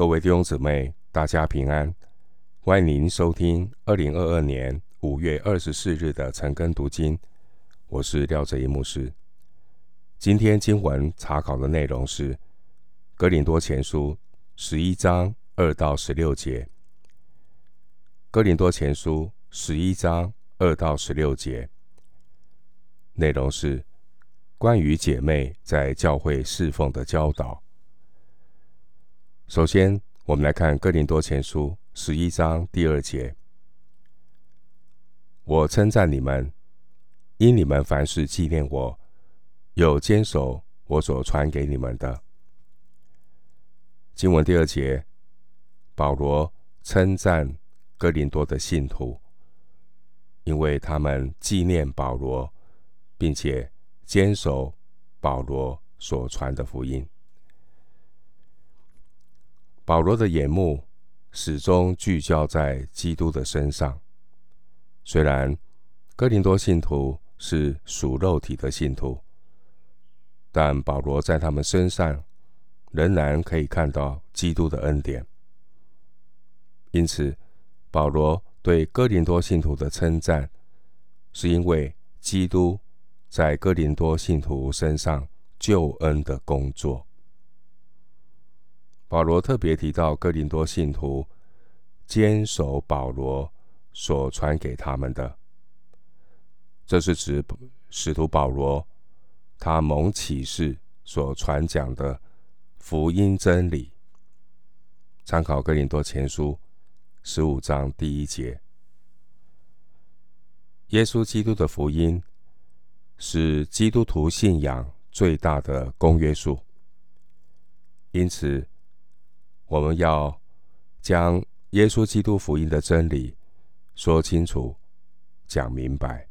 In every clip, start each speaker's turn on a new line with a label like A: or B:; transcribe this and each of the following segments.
A: 各位弟兄姊妹，大家平安！歡迎您收聽二零二二年五月二十四日的晨更讀經。我是廖哲一牧師。今天經文查考的內容是《哥林多前書》十一章二到十六節。《哥林多前書》十一章二到十六節。內容是關於姊妹在教會事奉的教導。首先，我們來看《哥林多前書》十一章第二節。我稱讚你們，因你們凡事紀念我，又堅守我所傳給你們的。經文第二節，保羅稱讚哥林多的信徒，因為他們紀念保羅，並且堅守保羅所傳的福音。保羅的眼目始終聚焦在基督的身上，雖然哥林多信徒是屬肉體的信徒，但保羅在他們身上仍然可以看到基督的恩典。因此，保羅對哥林多信徒的稱讚，是因為基督在哥林多信徒身上救恩的工作。保羅特別提到哥林多信徒堅守保羅所傳給他們的，這是指使徒保羅他蒙啟示所傳講的福音真理。參考哥林多前書十五章第一節。耶穌基督的福音是基督徒信仰最大的公約數，因此，我們要將耶穌基督福音的真理說清楚、講明白。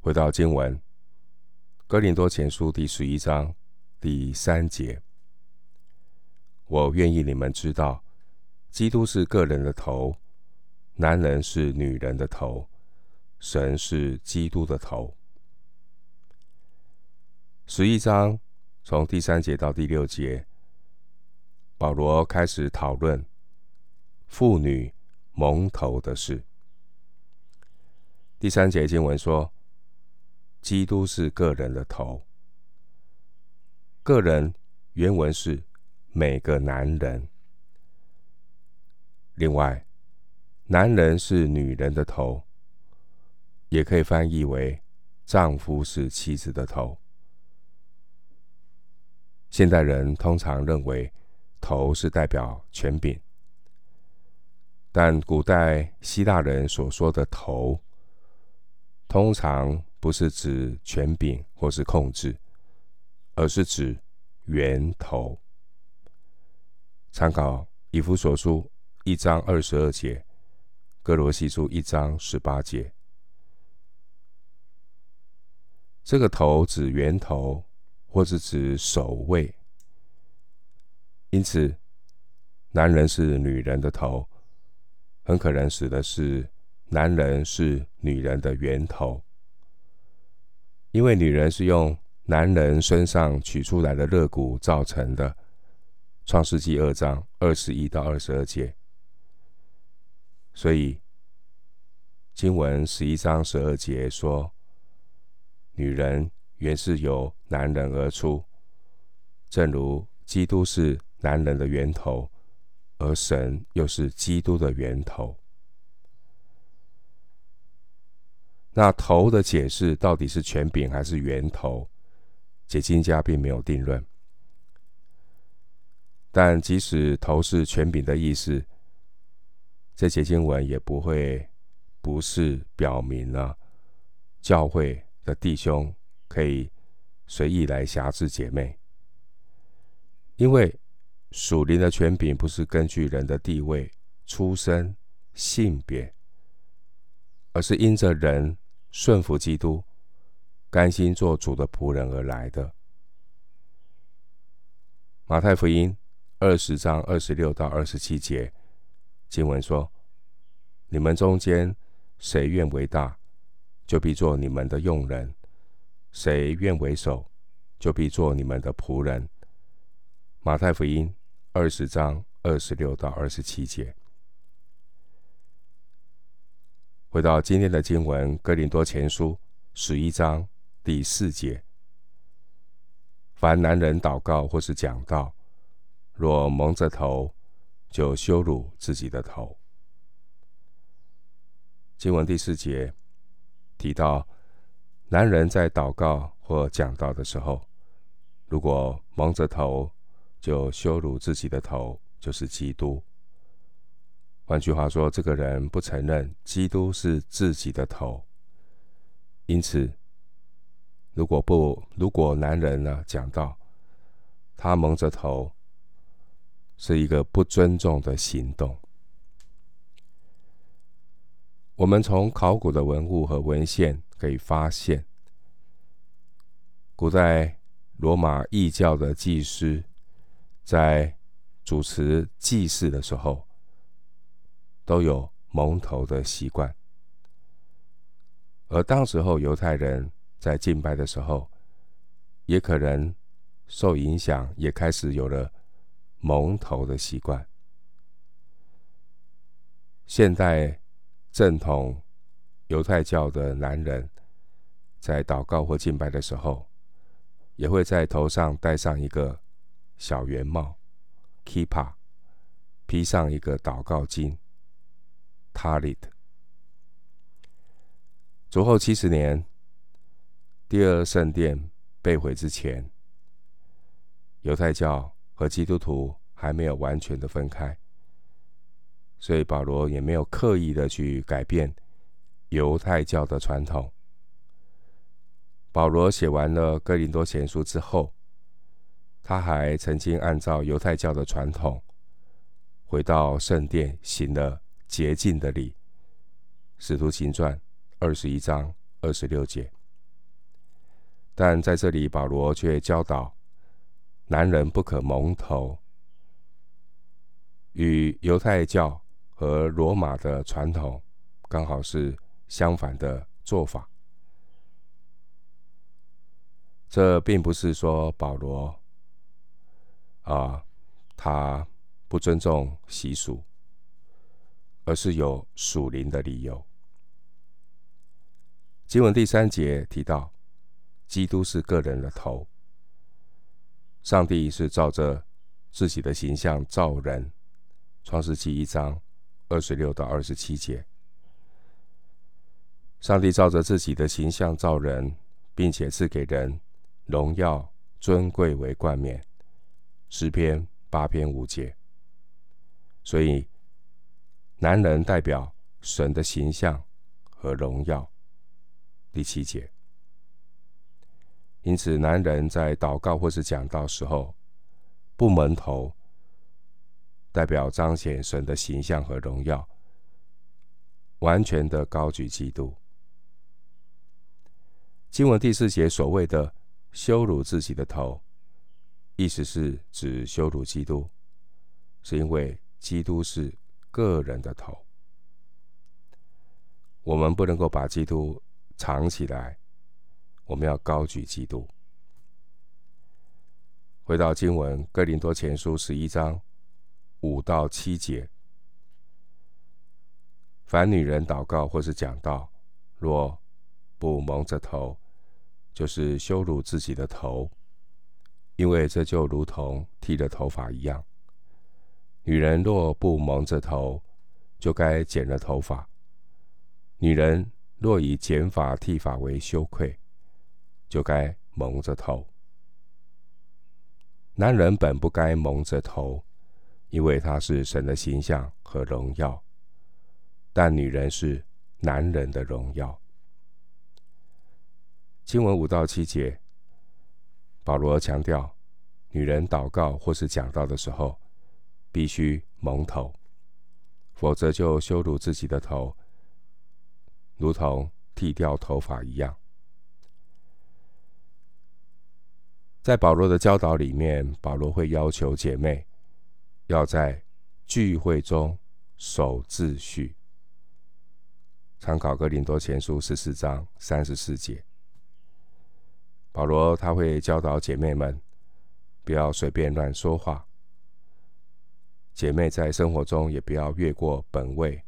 A: 回到經文，《哥林多前書》第十一章第三節，我願意你們知道，基督是各人的頭，男人是女人的頭，神是基督的頭。十一章從第三節到第六節。保羅開始討論婦女蒙頭的事。第三節經文說：“基督是各人的頭，各人原文是每個男人。另外，男人是女人的頭，也可以翻譯為丈夫是妻子的頭。”現代人通常認為，頭是代表權柄，但古代希臘人所說的頭，通常不是指權柄或是控制，而是指源頭。參考以弗所書一章二十二節，歌羅西書一章十八節，這個頭指源頭，或是指首位。因此，男人是女人的頭，很可能指的是男人是女人的源頭，因為女人是用男人身上取出來的肋骨造成的，《創世紀》二章二十一到二十二節。所以，《經文》十一章十二節說：“女人原是由男人而出，正如基督是。”男人的源頭，而神又是基督的源頭。那頭的解釋到底是權柄還是源頭？解經家並沒有定論。但即使頭是權柄的意思，這節經文也不會不是表明了、啊、教會的弟兄可以隨意來轄制姐妹，因為。屬靈的權柄不是根據人的地位、出身、性別，而是因着人順服基督、甘心做主的僕人而來的。馬太福音二十章二十六到二十七節經文說：“你們中間誰願為大，就必做你們的用人；誰願為首，就必做你們的僕人。”馬太福音。二十章二十六到二十七節，回到今天的經文《哥林多前書》十一章第四節：凡男人禱告或是講道，若蒙着頭，就羞辱自己的頭。經文第四節提到，男人在禱告或講道的時候，如果蒙着頭。就羞辱自己的頭，就是基督。換句話說，這個人不承認基督是自己的頭。因此，如果不如果男人呢、啊、講道他蒙着頭，是一個不尊重的行動。我們從考古的文物和文獻可以發現，古代羅馬異教的祭司，在主持祭祀的時候，都有蒙頭的習慣。而當時候猶太人在敬拜的時候，也可能受影響，也開始有了蒙頭的習慣。現代正統猶太教的男人，在禱告或敬拜的時候，也會在頭上戴上一個。小圓帽，kippah，披上一個禱告巾，tallit。主後七十年，第二聖殿被毀之前，猶太教和基督徒還沒有完全的分開，所以保羅也沒有刻意的去改變猶太教的傳統。保羅寫完了哥林多前書之後，他還曾經按照猶太教的傳統，回到聖殿行了潔淨的禮，《使徒行傳》二十一章二十六節。但在這裡，保羅卻教導男人不可蒙頭，與猶太教和羅馬的傳統剛好是相反的做法。這並不是說保羅。啊，他不尊重習俗，而是有屬靈的理由。經文第三節提到，基督是各人的頭，上帝是照着自己的形象造人，《創世記》一章二十六到二十七節，上帝照着自己的形象造人，並且賜給人榮耀尊貴為冠冕。十篇八篇五節。所以男人代表神的形象和榮耀。第七節，因此男人在禱告或是講道時候不蒙頭，代表彰顯神的形象和榮耀，完全的高舉基督。經文第四節所謂的羞辱自己的頭。意思是，指羞辱基督，是因為基督是各人的頭。我們不能夠把基督藏起來，我們要高舉基督。回到經文，《哥林多前書》十一章五到七節：凡女人禱告或是講道，若不蒙着頭，就是羞辱自己的頭。因為這就如同剃了頭髮一樣，女人若不蒙着頭，就該剪了頭髮；女人若以剪髮、剃髮為羞愧，就該蒙着頭。男人本不該蒙着頭，因為他是神的形象和榮耀，但女人是男人的榮耀。經文五到七節。保羅強調，女人禱告或是講道的時候，必須蒙頭，否則就羞辱自己的頭，如同剃掉頭髮一樣。在保羅的教導裡面，保羅會要求姐妹要在聚會中守秩序。參考哥林多前書十四章三十四節。保羅他會教導姐妹們，不要隨便亂說話。姐妹在生活中也不要越過本位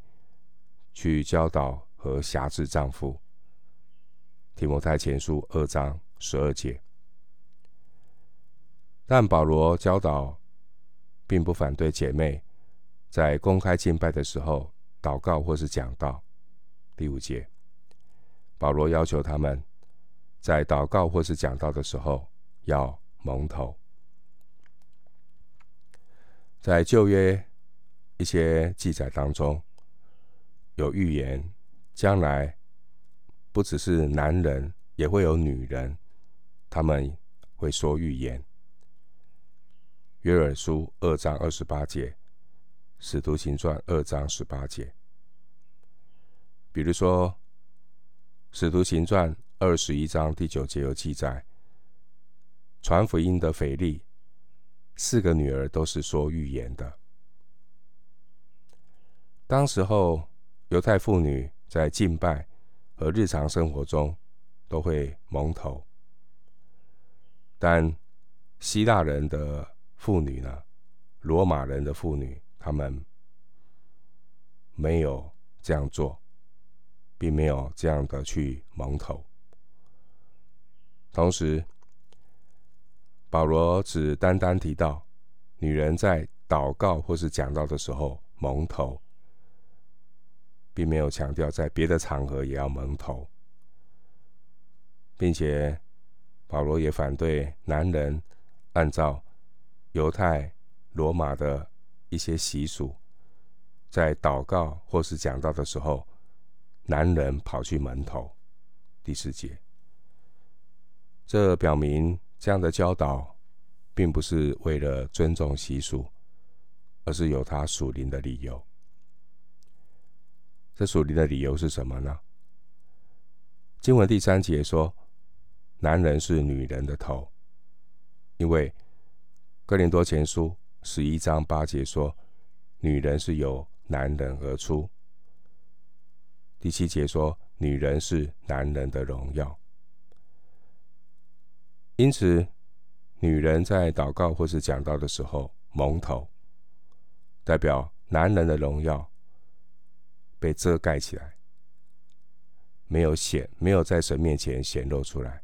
A: 去教導和轄制丈夫。提摩太前書二章十二節，但保羅教導並不反對姐妹在公開敬拜的時候禱告或是講道。第五節，保羅要求她們。在禱告或是講道的時候，要蒙頭。在舊約一些記載當中，有預言，將來不只是男人，也會有女人，他們會說預言。約珥書二章二十八節，《使徒行傳》二章十八節，比如說，《使徒行傳》。二十一章第九節有記載，傳福音的腓力，四個女兒都是說預言的。當時候，猶太婦女在敬拜和日常生活中都會蒙頭，但希臘人的婦女呢，羅馬人的婦女，他們沒有這樣做，並沒有這樣的去蒙頭。同時，保羅只單單提到女人在禱告或是講道的時候蒙頭，並沒有強調在別的場合也要蒙頭，並且保羅也反對男人按照猶太、羅馬的一些習俗，在禱告或是講道的時候，男人跑去蒙頭。第四節。這表明，這樣的教導，並不是為了尊重習俗，而是有他屬靈的理由。這屬靈的理由是什麼呢？經文第三節說，男人是女人的頭，因為《哥林多前書》十一章八節說，女人是由男人而出；第七節說，女人是男人的榮耀。因此，女人在禱告或是講道的時候蒙頭，代表男人的榮耀被遮蓋起來，沒有顯，沒有在神面前顯露出來。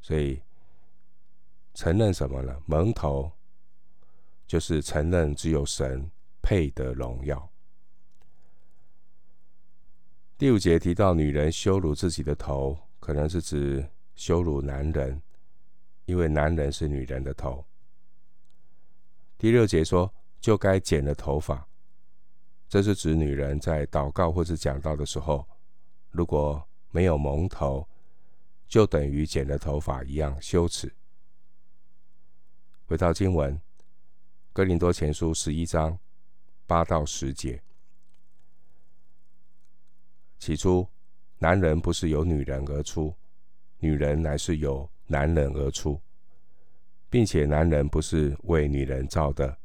A: 所以，承認什麼呢？蒙頭就是承認只有神配得榮耀。第五節提到女人羞辱自己的頭，可能是指。羞辱男人，因為男人是女人的頭。第六節說，就該剪了頭髮，這是指女人在禱告或是講道的時候，如果沒有蒙頭，就等於剪了頭髮一樣羞恥。回到經文，《哥林多前書》十一章八到十節，起初，男人不是由女人而出。女人乃是由男人而出，並且男人不是為女人造的，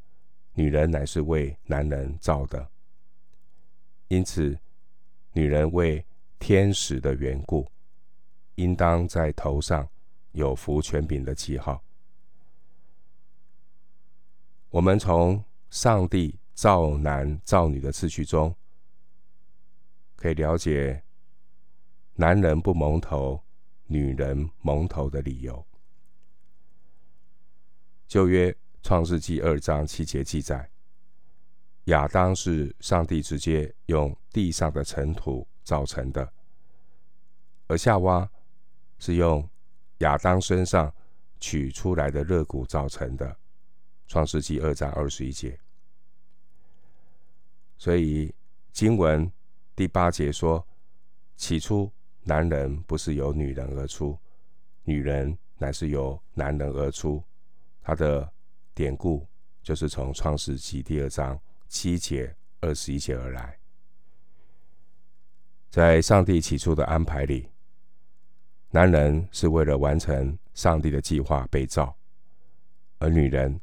A: 女人乃是為男人造的。因此，女人為天使的緣故，應當在頭上有服權柄的記號。我們從上帝造男造女的次序中，可以了解，男人不蒙頭。女人蒙頭的理由。舊約創世紀二章七節記載，亞當是上帝直接用地上的塵土造成的，而夏娃是用亞當身上取出來的肋骨造成的。創世紀二章二十一節。所以經文第八節說，起初。男人不是由女人而出，女人乃是由男人而出。他的典故就是從《創世記》第二章七節、二十一節而來。在上帝起初的安排裡，男人是為了完成上帝的計劃被造，而女人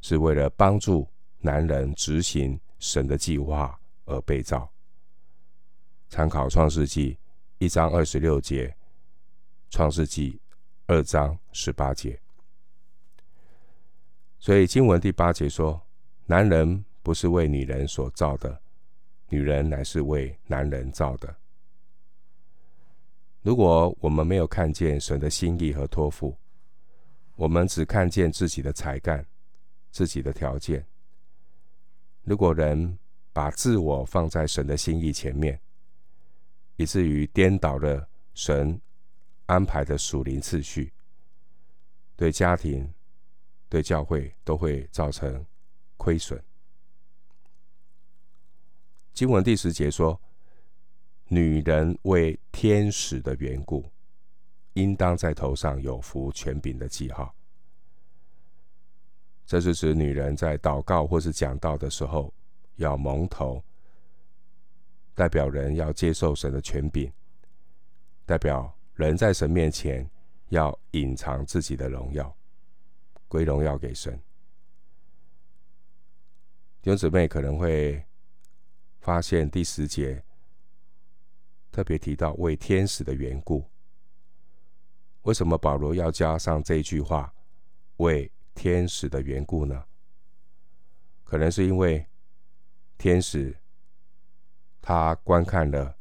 A: 是為了幫助男人執行神的計劃而被造。參考《創世記》。一章二十六節，《創世紀》二章十八節。所以經文第八節說：“男人不是為女人所造的，女人乃是為男人造的。”如果我們沒有看見神的心意和托付，我們只看見自己的才幹、自己的條件。如果人把自我放在神的心意前面，以至於顛倒了神安排的屬靈次序，對家庭、對教會都會造成虧損。經文第十節說：“女人為天使的緣故，應當在頭上有服權柄的記號。”這是指女人在禱告或是講道的時候要蒙頭。代表人要接受神的權柄，代表人在神面前要隱藏自己的榮耀，歸榮耀給神。弟兄姊妹可能會發現第十節特別提到為天使的緣故，為什麼保羅要加上這句話，為天使的緣故呢？可能是因為天使。他觀看了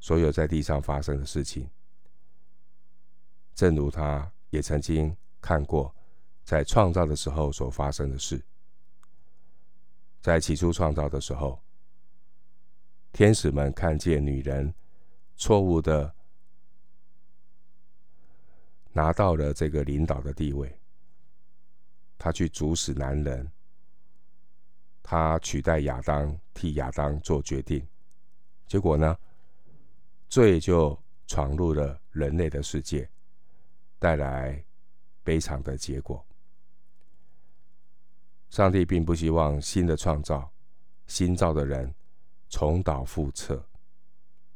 A: 所有在地上發生的事情，正如他也曾經看過在創造的時候所發生的事。在起初創造的時候，天使們看見女人錯誤的拿到了這個領導的地位，他去阻止男人，他取代亞當替亞當做決定。結果呢？罪就闖入了人類的世界，帶來悲慘的結果。上帝並不希望新的創造、新造的人重蹈覆轍，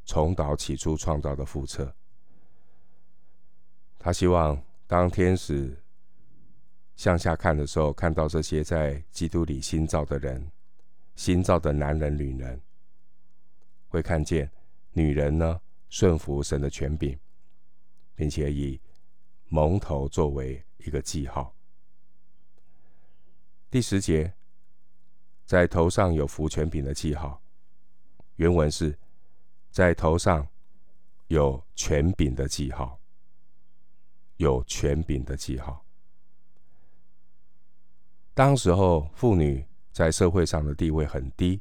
A: 重蹈起初創造的覆轍。他希望當天使向下看的時候，看到這些在基督裡新造的人，新造的男人、女人。會看見女人呢，順服神的權柄，並且以蒙頭作為一個記號。第十節，在頭上有服權柄的記號。原文是，在頭上有權柄的記號，有權柄的記號。當時候，婦女在社會上的地位很低。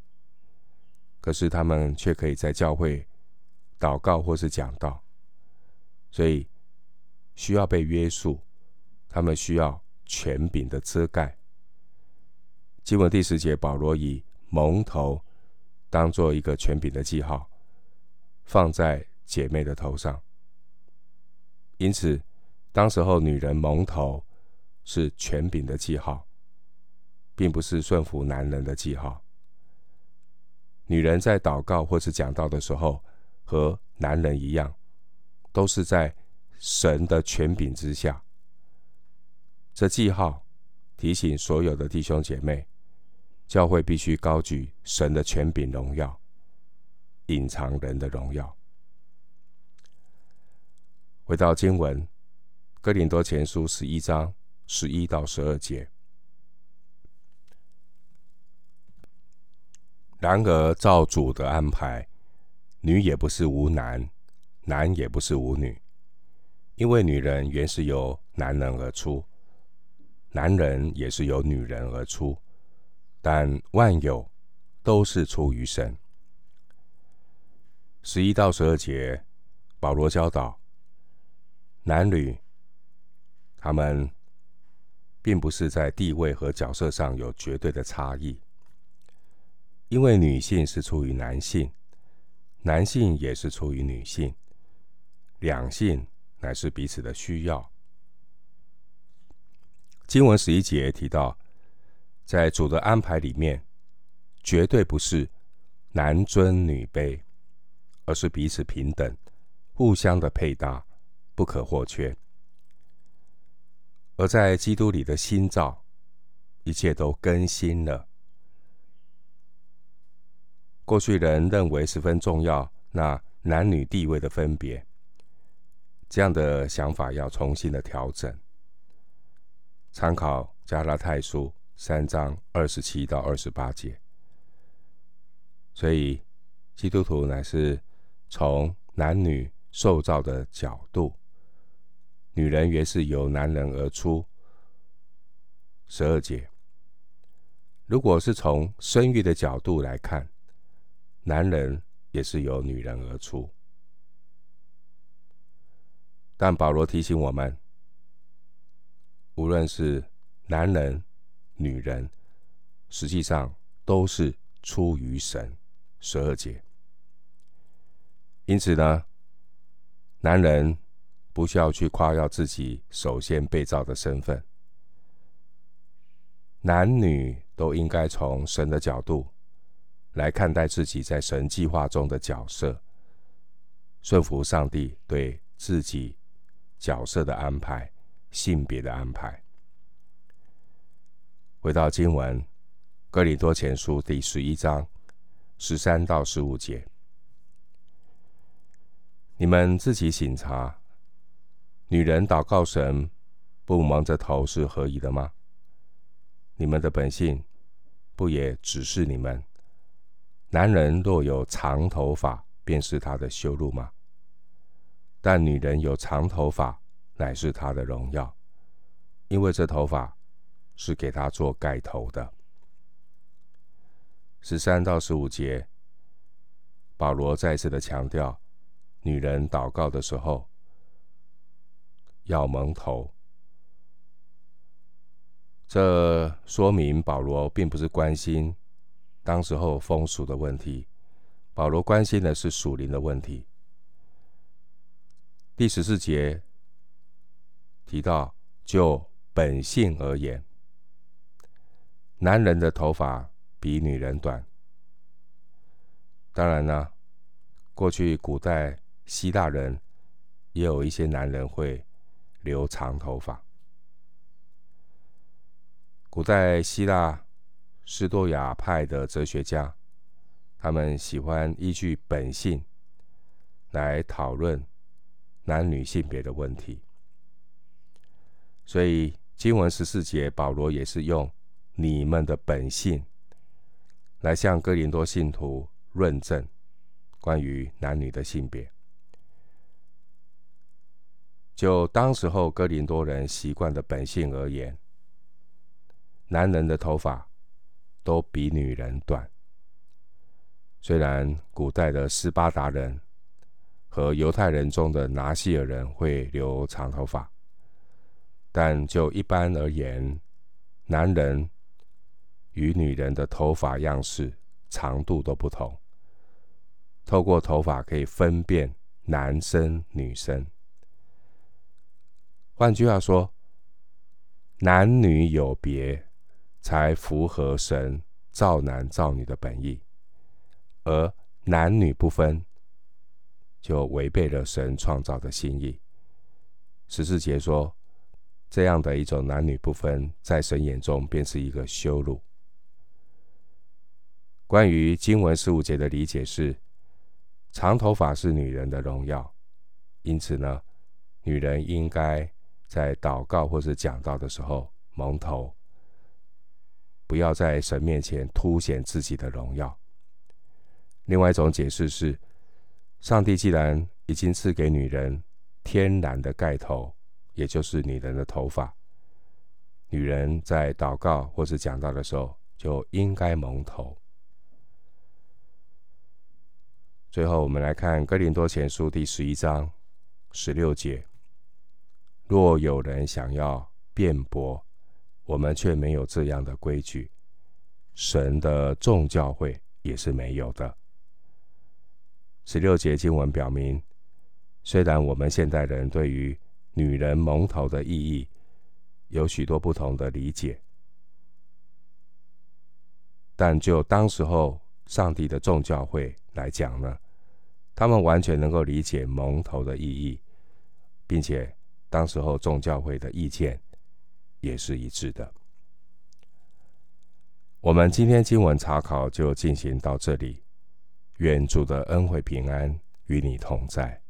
A: 可是他們卻可以在教會禱告或是講道，所以需要被約束。他們需要權柄的遮蓋。經文第十節，保羅以蒙頭當做一個權柄的記號，放在姐妹的頭上。因此，當時候女人蒙頭是權柄的記號，並不是順服男人的記號。女人在禱告或是講道的時候，和男人一樣，都是在神的權柄之下。這記號提醒所有的弟兄姐妹，教會必須高舉神的權柄榮耀，隱藏人的榮耀。回到經文，《哥林多前書》十一章十一到十二節。然而，照主的安排，女也不是無男，男也不是無女，因為女人原是由男人而出，男人也是由女人而出，但萬有都是出於神。十一到十二節，保羅教導男女，他們並不是在地位和角色上有絕對的差異。因為女性是出於男性，男性也是出於女性，兩性乃是彼此的需要。經文十一節提到，在主的安排裡面，絕對不是男尊女卑，而是彼此平等，互相的配搭，不可或缺。而在基督裡的新造，一切都更新了。過去人認為十分重要，那男女地位的分別，這樣的想法要重新的調整。參考加拉太書三章二十七到二十八節，所以基督徒乃是從男女受造的角度，女人原是由男人而出。十二節，如果是從生育的角度來看。男人也是由女人而出，但保羅提醒我們，無論是男人、女人，實際上都是出於神。十二節。因此呢，男人不需要去誇耀自己首先被造的身份，男女都應該從神的角度。來看待自己在神計劃中的角色，順服上帝對自己角色的安排，性別的安排。回到經文《哥林多前書》第十一章十三到十五節，你們自己審察：女人禱告神不蒙着頭是合宜的嗎？你們的本性不也指示你們？男人若有長頭髮，便是他的羞辱嗎？但女人有長頭髮，乃是他的榮耀，因為這頭髮是給他做蓋頭的。十三到十五節，保羅再次的強調，女人禱告的時候要蒙頭。這說明保羅並不是關心。當時候風俗的問題，保羅關心的是屬靈的問題。第十四節提到，就本性而言，男人的頭髮比女人短。當然呢，過去古代希臘人也有一些男人會留長頭髮。古代希臘。斯多亞派的哲學家，他們喜歡依據本性來討論男女性別的問題。所以，經文十四節，保羅也是用你們的本性來向哥林多信徒論證關於男女的性別。就當時候哥林多人習慣的本性而言，男人的頭髮。都比女人短。雖然古代的斯巴達人和猶太人中的拿細耳人會留長頭髮，但就一般而言，男人與女人的頭髮樣式、長度都不同。透過頭髮可以分辨男生女生。換句話說，男女有別。才符合神造男造女的本意，而男女不分就違背了神創造的心意。十四節說，這樣的一種男女不分，在神眼中便是一個羞辱。關於經文十五節的理解是，長頭髮是女人的榮耀，因此呢，女人應該在禱告或是講道的時候蒙頭。不要在神面前凸顯自己的榮耀。另外一種解釋是，上帝既然已經賜給女人天然的蓋頭，也就是女人的頭髮，女人在禱告或者講道的時候就應該蒙頭。最後，我們來看《哥林多前書》第十一章十六節：若有人想要辯駁。我們卻沒有這樣的規矩，神的眾教會也是沒有的。十六節經文表明，雖然我們現代人對於女人蒙頭的意義有許多不同的理解，但就當時候上帝的眾教會來講呢，他們完全能夠理解蒙頭的意義，並且當時候眾教會的意見也是一致的。我們今天經文查考就進行到這裡，願主的恩惠平安與你同在。